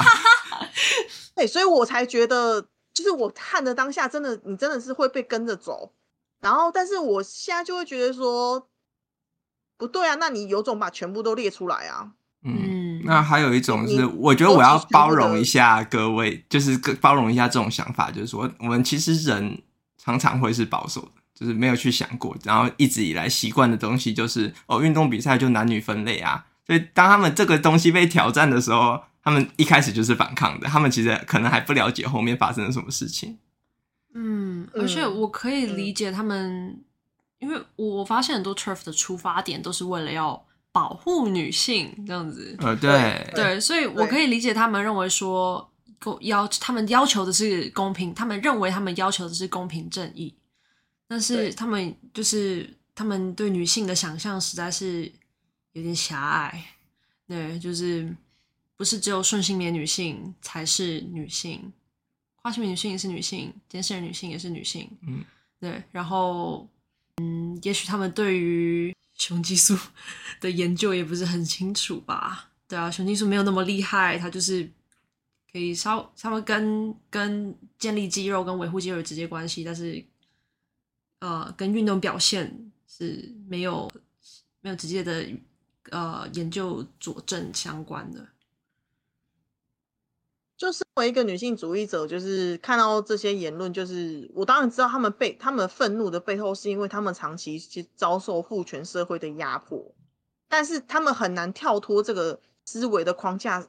[SPEAKER 2] 對、 欸，所以我才覺得，就是我看的當下，真的，你真的是會被跟着走。然後，但是我現在就會覺得說，不對啊，那你有種把全部都列出來啊。嗯，
[SPEAKER 1] 那還有一種是，我覺得我要包容一下各位，就是包容一下這種想法，就是說，我們其實人。常常會是保守的，就是沒有去想過，然後一直以來習慣的東西就是哦，運動比賽就男女分類啊，所以當他們這個東西被挑戰的時候，他們一開始就是反抗的。他們其實可能還不了解後面發生了什麼事情。
[SPEAKER 3] 嗯，而且我可以理解他們，因為我發現很多 Turf 的出發點都是為了要保護女性這樣子。呃、嗯，對，對，所以我可以理解他們認為說。要他們要求的是公平，他們認為他們要求的是公平正義，但是他們就是他們對女性的想象實在是有點狹隘，對，就是不是只有順性別女性才是女性，跨性別女性也是女性，間性女性也是女性，嗯，對，然後嗯，也許他們對於雄激素的研究也不是很清楚吧，對啊，雄激素沒有那麼厲害，它就是。可以稍稍微跟跟建立肌肉跟維護肌肉有直接關係，但是，呃，跟運動表現是沒有沒有直接的呃研究
[SPEAKER 2] 佐證相關的。就身為一個女性主義者，就是看到這些言論，就是我當然知道他們被他們憤怒的背後，是因為他們長期去遭受父權社會的壓迫，但是他們很難跳脫這個思維的框架。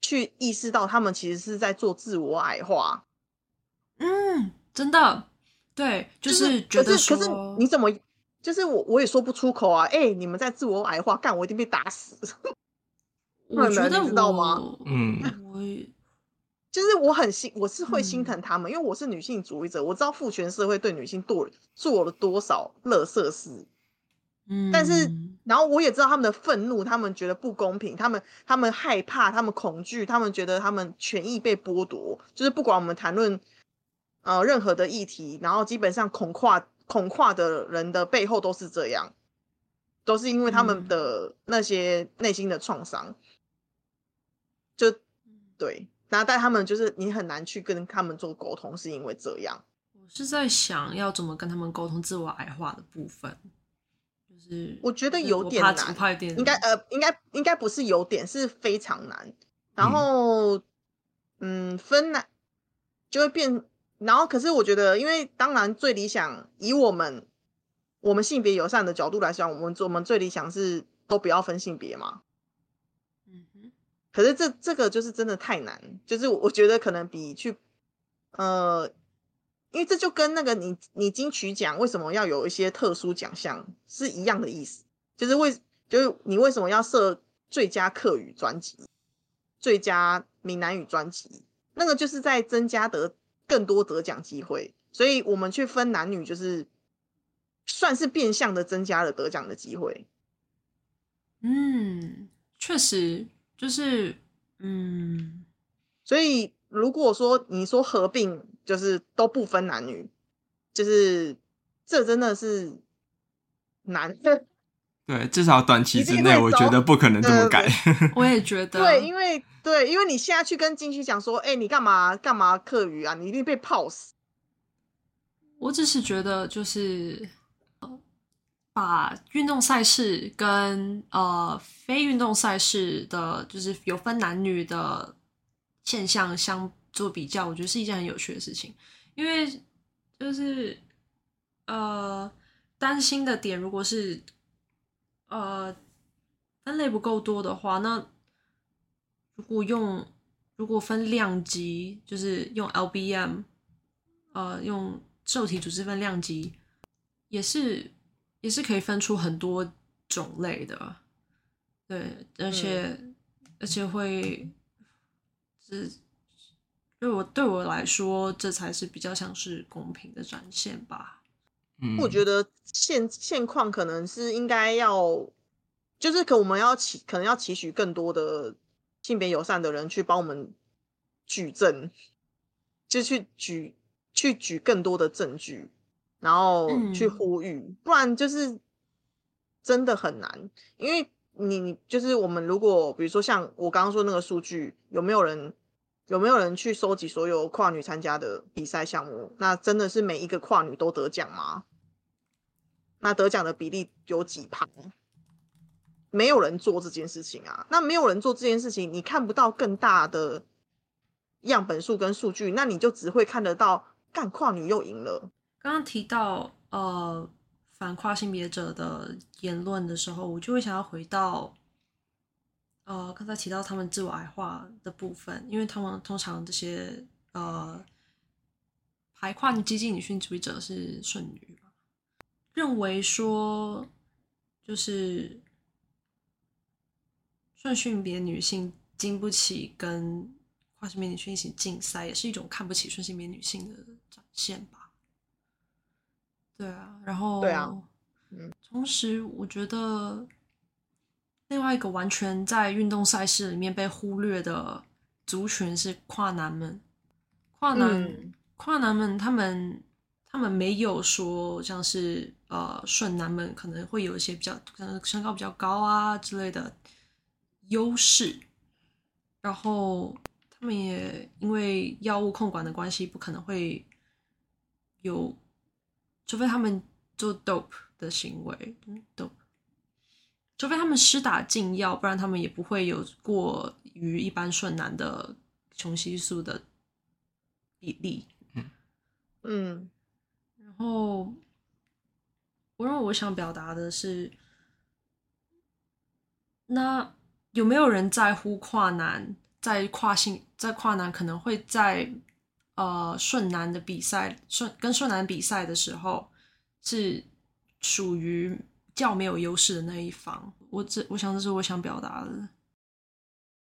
[SPEAKER 2] 去意識到他們其實是在做自我矮化，嗯，真的，對，就是、就是、覺得，可是你怎麼，就是我我也說不出口啊，誒、欸、你們在自我矮化，幹我一定被打死， 我覺得
[SPEAKER 3] 我， 你知道
[SPEAKER 2] 嗎？嗯， 就是我很心，我是會心疼他們、嗯，因為我是女性主義者，我知道父權社會對女性多做了多少垃圾事。但是，然後我也知道他們的憤怒，他們覺得不公平，他們他們害怕，他們恐懼，他們覺得他們權益被剝奪。就是不管我們談論呃任何的議題，然後基本上恐跨恐跨的人的背後都是這樣，都是因為他們的那些內心的創傷。嗯。就對，然後帶他們就是你很難去跟他們做溝通，是因為這樣。我是在想要怎麼跟他們溝通自我矮化
[SPEAKER 3] 的部分。我覺得有點難，點難應該
[SPEAKER 2] 呃應該應該不是有點是非常難。然後嗯，嗯分難就會變，然後可是我覺得，因為當然最理想以我們我們性別友善的角度來說，我們我們最理想是都不要分性別嘛。嗯哼，可是這這個就是真的太難，就是我覺得可能比去呃。因為這就跟那個你你金曲獎為什麼要有一些特殊獎項是一樣的意思，就是為就是你為什麼要設最佳客語專輯、最佳閩南語專輯，那個就是在增加得更多得獎機會，所以我們去分男女，就是算是變相的增加了得獎的機會。嗯，確實，就是嗯，所以如果說你說合併。就是都不分男女，就是這真的是難，
[SPEAKER 1] 對，至少短期之內我覺得不可能這麼改。對
[SPEAKER 3] 對對 我也覺
[SPEAKER 2] 得，對，因為對，因為你現在去跟金曲講說，哎，你幹嘛幹嘛課餘啊，你一定被泡死。
[SPEAKER 3] 我只是覺得，就是、呃、把運動賽事跟呃非運動賽事的，就是有分男女的現象相。做比較，我覺得是一件很有趣的事情，因為就是呃擔心的點，如果是呃分類不夠多的話，那如果用如果分量級，就是用 LBM，呃，用瘦體組織分量級，也是也是可以分出很多種類的，對，而且而且會是。對我對我
[SPEAKER 2] 來說，這才是比較像是公平的展現吧。嗯，我覺得現現況可能是應該要，就是可我們要期，可能要期許更多的性別友善的人去幫我們舉證，就去舉去舉更多的證據，然後去呼籲，不然就是真的很難。因為你就是我們，如果比如說像我剛剛說那個數據，有沒有人？有沒有人去收集所有跨女參加的比賽項目？那真的是每一個跨女都得獎嗎？那得獎的比例有幾趴？沒有人做這件事情啊！那沒有人做這件事情，你看不到更大的樣本數跟數據，那你就只會看得到，幹，跨女又贏了。剛
[SPEAKER 3] 剛提到呃反跨性別者的言論的時候，我就會想要回到。呃，剛才提到他們自我矮化的部分，因為他們通常這些呃排跨激進女性主義者是順女吧，認為說就是順性別女性經不起跟跨性別女性一起競賽，也是一種看不起順性別女性的展現吧？對啊，然後對啊、嗯，同時我覺得。另外一個完全在運動賽事裡面被忽略的族群是跨男們，跨男、嗯、跨男們，他們他們沒有說像是呃順男們可能會有一些比較可能身高比較高啊之類的優勢，然後他們也因為藥物控管的關係不可能會有，除非他們做 dope 的行為，嗯，dope。除非他們施打禁藥，不然他們也不會有過於一般順男的雄激素的比例。嗯嗯，然後我認為我想表達的是，那有沒有人在乎跨男在跨性在跨男可能會在呃順男的比賽順跟順男比賽的時候是屬於。較沒有優勢的那一方，我這我想這是我想表達的，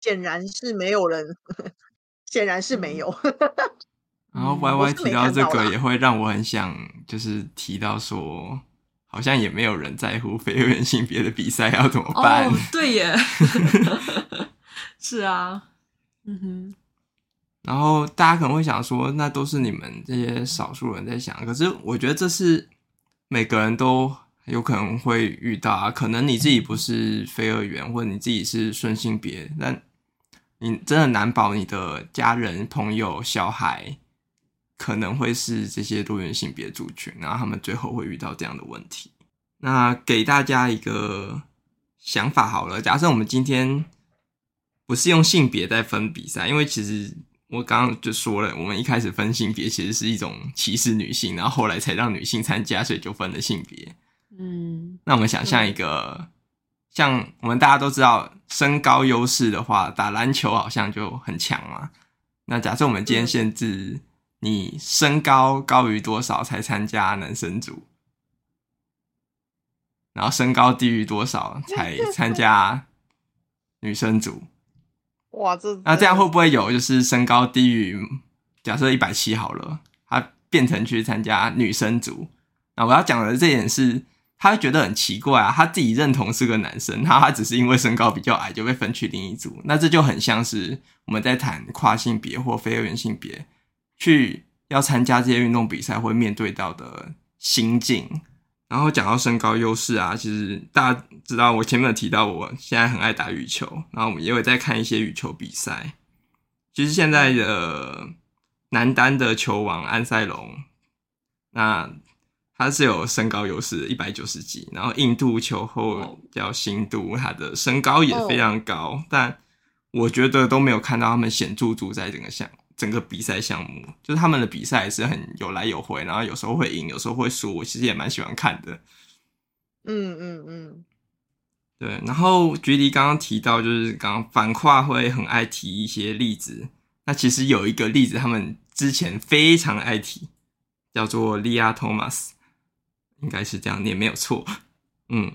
[SPEAKER 2] 顯然是沒有人，顯然是沒有。
[SPEAKER 3] 然後
[SPEAKER 1] 歪歪提到這個也會讓我很想，就是提到說，好像也沒有人在乎非二元性別的比賽要怎麼辦？哦、對耶，
[SPEAKER 3] 是啊，嗯哼。
[SPEAKER 1] 然後大家可能會想說，那都是你們這些少數人在想，可是我覺得這是每個人都。有可能會遇到啊，可能你自己不是非二元，或者你自己是順性別，但你真的難保你的家人、朋友、小孩可能會是這些多元性別族群，然後他們最後會遇到這樣的問題。那給大家一個想法好了，假設我們今天不是用性別在分比賽，因為其實我剛剛就說了，我們一開始分性別其實是一種歧視女性，然後後來才讓女性參加，所以就分了性別。嗯，那我們想象一個，像我們大家都知道，身高優勢的話，打籃球好像就很強嘛。那假設我們今天限制你身高高於多少才參加男生組，然後身高低於多少才參加女生組？
[SPEAKER 2] 哇，這那這
[SPEAKER 1] 樣會不會有就是身高低於假設170好了，他變成去參加女生組？那我要講的這點是，他覺得很奇怪啊，他自己認同是個男生，然後他只是因為身高比較矮就被分去另一組，那這就很像是我們在談跨性別或非二元性別去要參加這些運動比賽會面對到的心境。然後講到身高優勢啊，其實大家知道我前面有提到我現在很愛打羽球，然後我們也有在看一些羽球比賽。其實現在的男單的球王安塞龍，那。他是有身高優勢，一百九十幾，然後印度球後叫辛杜，他的身高也非常高，oh. 但我覺得都沒有看到他們顯著主宰整個項整個比賽項目，就是他們的比賽是很有來有回，然後有時候會贏，有時候會輸，我其實也蠻喜歡看的。嗯嗯嗯，對。然後橘浬剛剛提到，就是剛反跨會很愛提一些例子，那其實有一個例子他們之前非常愛提，叫做利亞托馬斯。應該是這樣念沒有錯，嗯，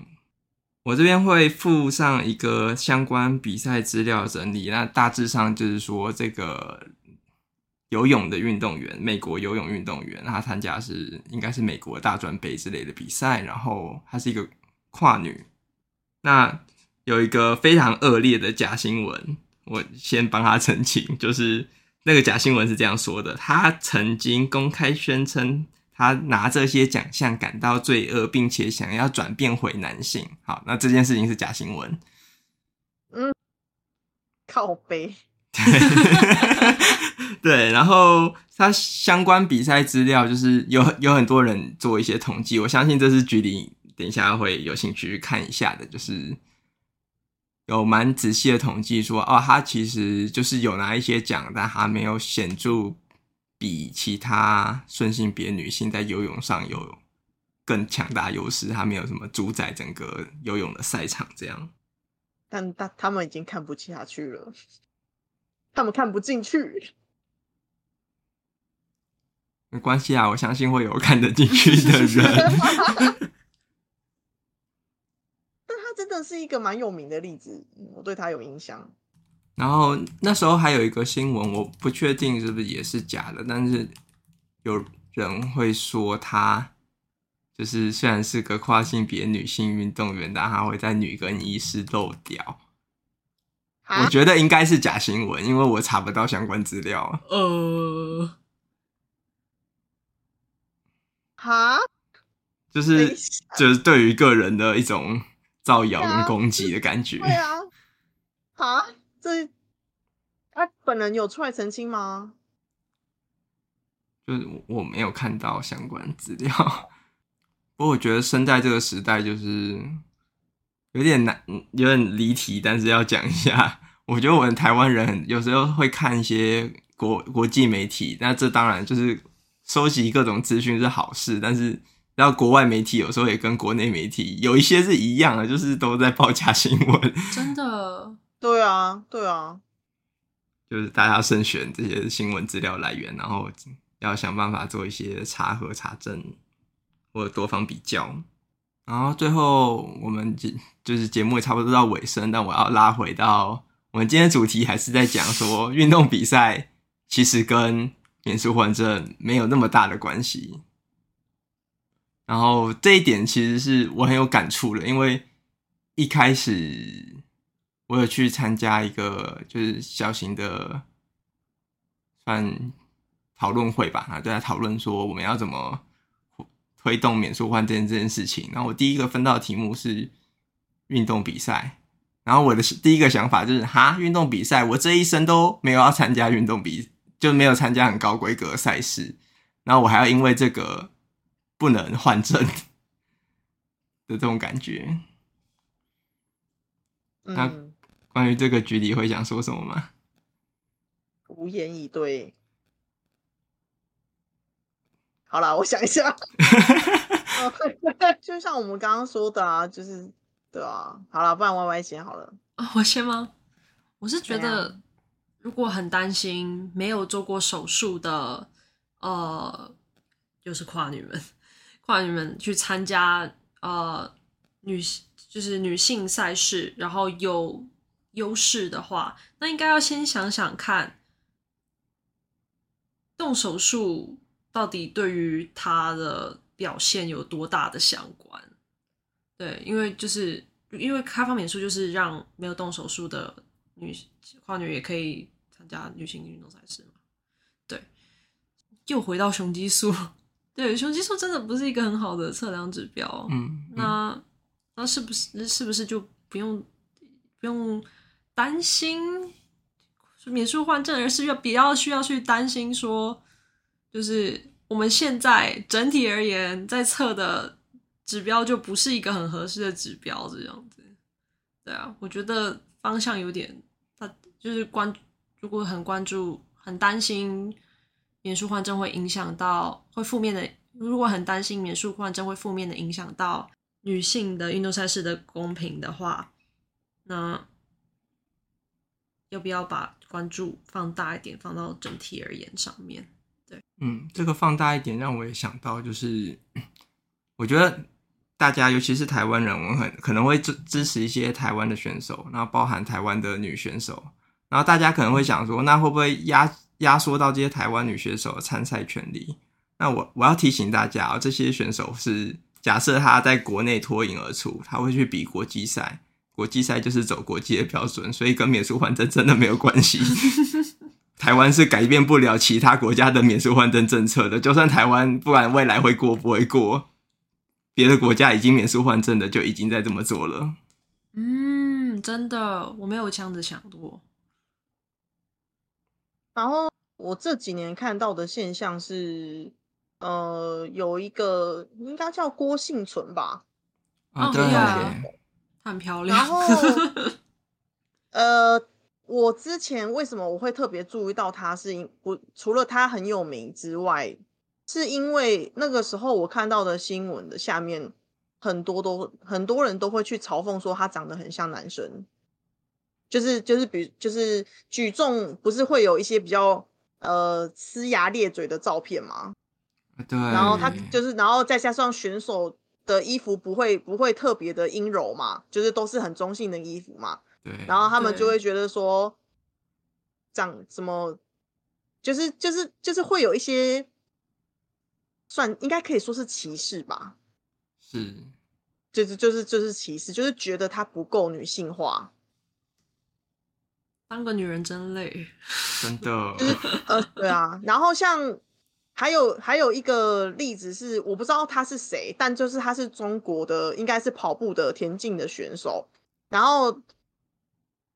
[SPEAKER 1] 我這邊會附上一個相關比賽資料的整理，那大致上就是說，這個游泳的運動員，美國游泳運動員，他參加是應該是美國大專杯之類的比賽，然後他是一個跨女，那有一個非常惡劣的假新聞，我先幫他澄清，就是那個假新聞是這樣說的，他曾經公開宣稱。他拿這些獎項感到罪惡，並且想要轉變回男性。好，那這件事情是假新聞。
[SPEAKER 2] 嗯，靠北。
[SPEAKER 1] 對， 對，然後他相關比賽資料就是有有很多人做一些統計，我相信這是橘浬等一下會有興趣去看一下的，就是有蠻仔細的統計說，哦，他其實就是有拿一些獎，但他沒有顯著。比其他順性別女性在游泳上有更強大優勢，她沒有什麼主宰整個游泳的賽場這樣。
[SPEAKER 2] 但但他，他們已經看不下去了，他們看不進去。
[SPEAKER 1] 沒關係啊，我相信會有看得進去的人。
[SPEAKER 2] 但他真的是一個蠻有名的例子，我對他有印象。
[SPEAKER 1] 然後那時候還有一個新聞，我不確定是不是也是假的，但是有人會說她就是雖然是個跨性別女性運動員，但她會在女更衣室露屌。
[SPEAKER 2] 我
[SPEAKER 1] 覺得應該是假新聞，因為我查不到相關資料。
[SPEAKER 2] 呃，哈，
[SPEAKER 1] 就是就是對於個人的一種造謠跟攻擊的感覺。
[SPEAKER 2] 啊？這他本人有出來澄清嗎？
[SPEAKER 1] 就是我沒有看到相關資料，不過我覺得生在這個時代就是有點難，有點離題，但是要講一下。我覺得我們台灣人很有時候會看一些國國際媒體，那這當然就是收集各種資訊是好事，但是要國外媒體有時候也跟國內媒體有一些是一樣的，就是都在報假新聞，
[SPEAKER 2] 真的。對
[SPEAKER 1] 啊，對啊，就是大家慎選這些新聞資料來源，然後要想辦法做一些查核、查證或者多方比較。然後最後，我們就就是節目也差不多到尾聲，但我要拉回到我們今天的主題，還是在講說運動比賽其實跟免術換證沒有那麼大的關係。然後這一點其實是我很有感觸的，因為一開始。我有去參加一個就是小型的，算討論會吧，然後就在討論說我們要怎麼推動免術換證這件事情。然後我第一個分到的題目是運動比賽，然後我的第一個想法就是哈，運動比賽我這一生都沒有要參加運動比，就沒有參加很高規格賽事，然後我還要因為這個不能換證的這種感覺，
[SPEAKER 2] 那。
[SPEAKER 1] 關於這個局裡會想說什麼嗎？
[SPEAKER 2] 無言以對。好了，我想一下。 嗯、就像我們剛剛說的啊，就是對啊。好了，不然歪歪先好了
[SPEAKER 3] 啊、哦，我先嗎？我是覺得，如果很擔心沒有做過手術的，呃，又、就是跨女們，跨女們去參加呃女就是女性賽事，然後有。優勢的話，那應該要先想想看，動手術到底對於她的表現有多大的相關？對，因為就是因為開放免術就是讓沒有動手術的女跨女也可以參加女性運動賽事嘛。對，又回到雄激素，對，雄激素真的不是一個很好的測量指標。嗯，嗯，那那是不是是不是就不用不用擔心免術換證，而是要比較需要去擔心說，就是我們現在整體而言在測的指標就不是一個很合適的指標，這樣子。對啊，我覺得方向有點，他就是關，如果很關注、很擔心免術換證會影響到會負面的，如果很擔心免術換證會負面的影響到女性的運動賽事的公平的話，那。要不要把關注放大一點，放到整體而言上面？對，
[SPEAKER 1] 嗯，這個放大一點，讓我也想到，就是我覺得大家，尤其是台灣人，我很可能會支支持一些台灣的選手，然後包含台灣的女選手，然後大家可能會想說，那會不會壓壓縮到這些台灣女選手的參賽權利？那我我要提醒大家哦，這些選手是假設他在國內脫穎而出，他會去比國際賽。國際賽就是走國際的標準，所以跟免術換證真的沒有關係。 台灣是改變不了其他國家的免術換證政策的。就算台灣不管未來會過不會過，別的國家已經免術換證的，就已經在這麼做了。
[SPEAKER 2] 嗯，真的，我沒有這樣子想過。然後我這幾年看到的現象是，呃，有一個應該叫郭幸存吧？
[SPEAKER 1] 對啊。對哦。
[SPEAKER 2] 很漂亮。然後， 呃，我之前為什麼我會特別注意到他是，是因我除了他很有名之外，是因為那個時候我看到的新聞的下面很多都很多人都會去嘲諷說他長得很像男生，就是就是比就是舉重不是會有一些比較呃，呲牙咧嘴的照片嗎？對。然後他就是，然後再加上選手。的衣服不會不會特別的陰柔嘛，就是都是很中性的衣服嘛。
[SPEAKER 1] 對。然後他們就會
[SPEAKER 2] 覺得說，長什麼，就是就是就是會有一些，算應該可以說是歧視吧。是。就是就是就是歧視，就是覺得她不夠女性化。當個女人真累，
[SPEAKER 1] 真的。 嗯
[SPEAKER 2] 呃、對啊。然後像。還有還有一個例子是我不知道他是誰，但就是他是中國的，應該是跑步的田徑的選手。然後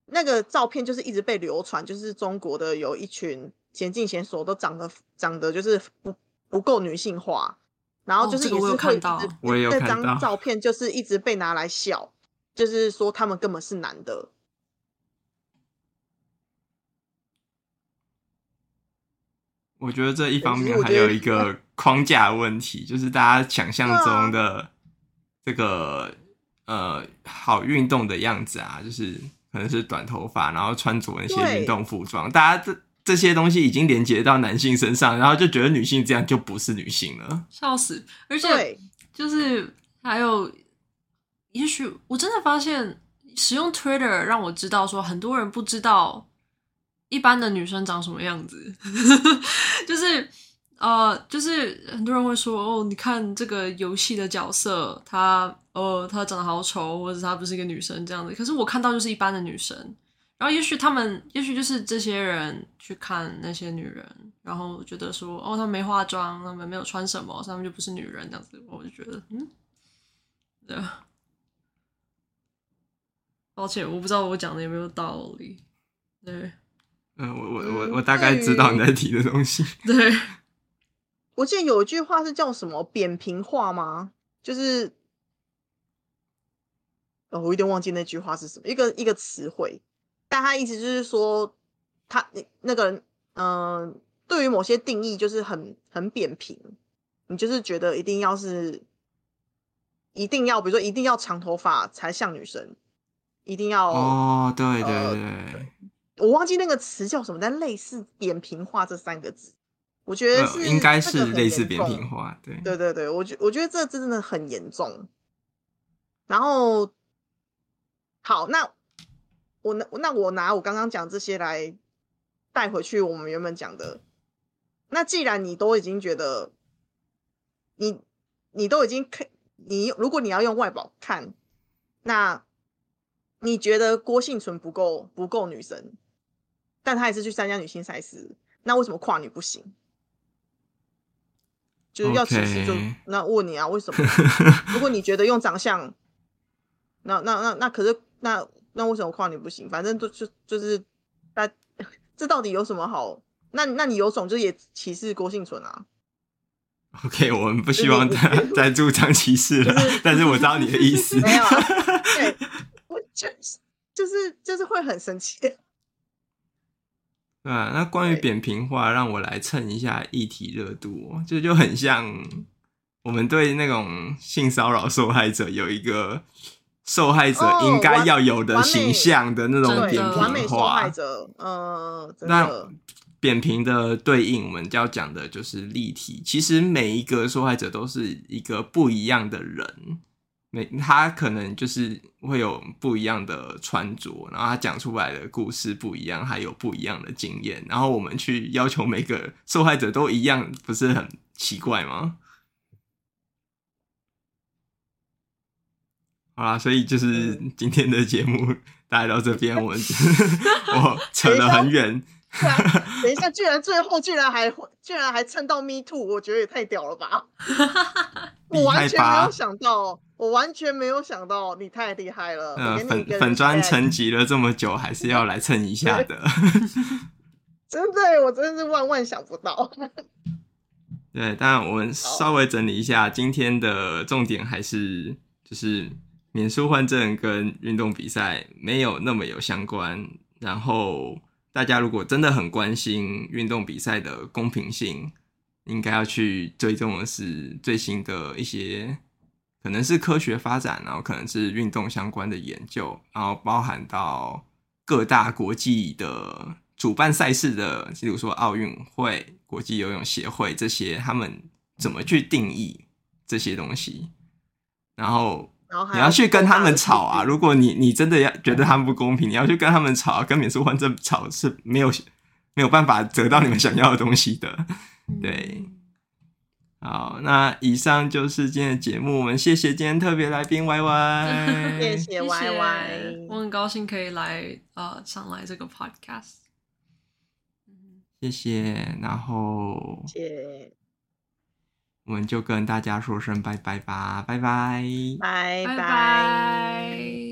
[SPEAKER 2] 那個照片就是一直被流傳，就是中國的有一群田徑選手都長得長得就是不不夠女性化，然後就是也是，哦這個，我有看到這張照片就是一直被拿來笑，就是說他們根本是男的。
[SPEAKER 1] 我覺得這一方面還有一個框架問題，就是大家想象中的這個呃好運動的樣子啊，就是可能是短頭髮，然後穿着那些運動服裝，大家這這些東西已經連接到男性身上，然後就覺得女性這樣就不是女性了，
[SPEAKER 3] 笑死！而且就是還有，也許我真的發現使用 Twitter 讓我知道，說很多人不知道。一般的女生長什麼樣子？ 就是呃，就是很多人會說哦，你看這個遊戲的角色，她呃，她長得好醜，或者她不是一個女生這樣子。可是我看到就是一般的女生，然後也許他們，也許就是這些人去看那些女人，然後覺得說哦，她沒化妝，她們沒有穿什麼，她們就不是女人這樣子。我就覺得嗯，對，抱歉，我不知道我講的有沒有道理，對。
[SPEAKER 1] 嗯，我我我我大概知道你在提的東西，嗯
[SPEAKER 2] 對。對，我記得有一句話是叫什麼“扁平化”嗎？就是……哦，我有點忘記那句話是什麼，一個一個詞彙，但他意思就是說，他，那那個人……嗯、呃，對於某些定義就是很很扁平，你就是覺得一定要是，一定要比如說一定要長頭髮才像女生，一定要哦，
[SPEAKER 1] 對對對，對。呃對
[SPEAKER 2] 我忘記那個詞叫什麼，但類似“扁平化”這三個字，我覺得是、呃、應該是
[SPEAKER 1] 類似扁“扁平化”對。
[SPEAKER 2] 這個。對對對對，我覺我覺得這真的很嚴重。然後好，那我那那我拿我剛剛講這些來帶回去，我們原本講的。那既然你都已經覺得你你都已經看，你如果你要用外保看，那你覺得郭婞淳不夠不夠女神？但他也是去參加女性賽事，那為什麼跨女不行？Okay. 就是要歧視，就那問你啊，為什麼？ 如果你覺得用長相，那那那那可是那那為什麼跨女不行？反正就就就是大，這到底有什麼好？那那你有種就也歧視郭婞淳啊
[SPEAKER 1] ？OK，我們不希望再、 就是、再助長歧視了、就是，但是我知道你的意思。 沒有啊，
[SPEAKER 2] 對，我就是就是就是會很生氣。
[SPEAKER 1] 對啊，那關於扁平化，讓我來蹭一下議題熱度，喔，就就很像我們對那種性騷擾受害者有一個受害者應該要有的形象的那種扁平化，哦。呃，真的，那扁平的對應，我們就要講的就是立體。其實每一個受害者都是一個不一樣的人。他可能就是會有不一樣的穿着，然後他講出來的故事不一樣，還有不一樣的經驗，然後我們去要求每個受害者都一樣，不是很奇怪嗎？好啦，所以就是今天的節目帶、嗯、到這邊，我、就是、我扯了很遠、啊，等
[SPEAKER 2] 一下，居然最後居然還居然還撐到 Me Too，我覺得也太屌了吧！ 我完，我完全沒有想到，我完全沒有想到，你太厲害了！呃、粉粉專沉
[SPEAKER 1] 寂了這麼久， 還是要來蹭一下的。
[SPEAKER 2] 真的，我真是萬萬想不到。
[SPEAKER 1] 對，當然我們稍微整理一下今天的重點，還是就是免術換證跟運動比賽沒有那麼有相關。然後大家如果真的很關心運動比賽的公平性，應該要去追蹤的是最新的一些，可能是科學發展，然後可能是運動相關的研究，然後包含到各大國際的主辦賽事的，比如說奧運會、國際游泳協會這些，他們怎麼去定義這些東西？然後你要去跟他們吵啊！如果你你真的要覺得他們不公平，你要去跟他們吵，跟米舒萬這吵是沒有沒有辦法得到你們想要的東西的。 對，好，那以上就是今天的節目。我們謝謝今天特別來賓歪歪，謝
[SPEAKER 2] 謝歪歪， 我
[SPEAKER 3] 很高興可以來呃上來這個 Podcast，
[SPEAKER 1] 謝謝，然後，謝謝，我們就跟大家說聲拜拜吧，拜拜，
[SPEAKER 2] 拜拜。Bye bye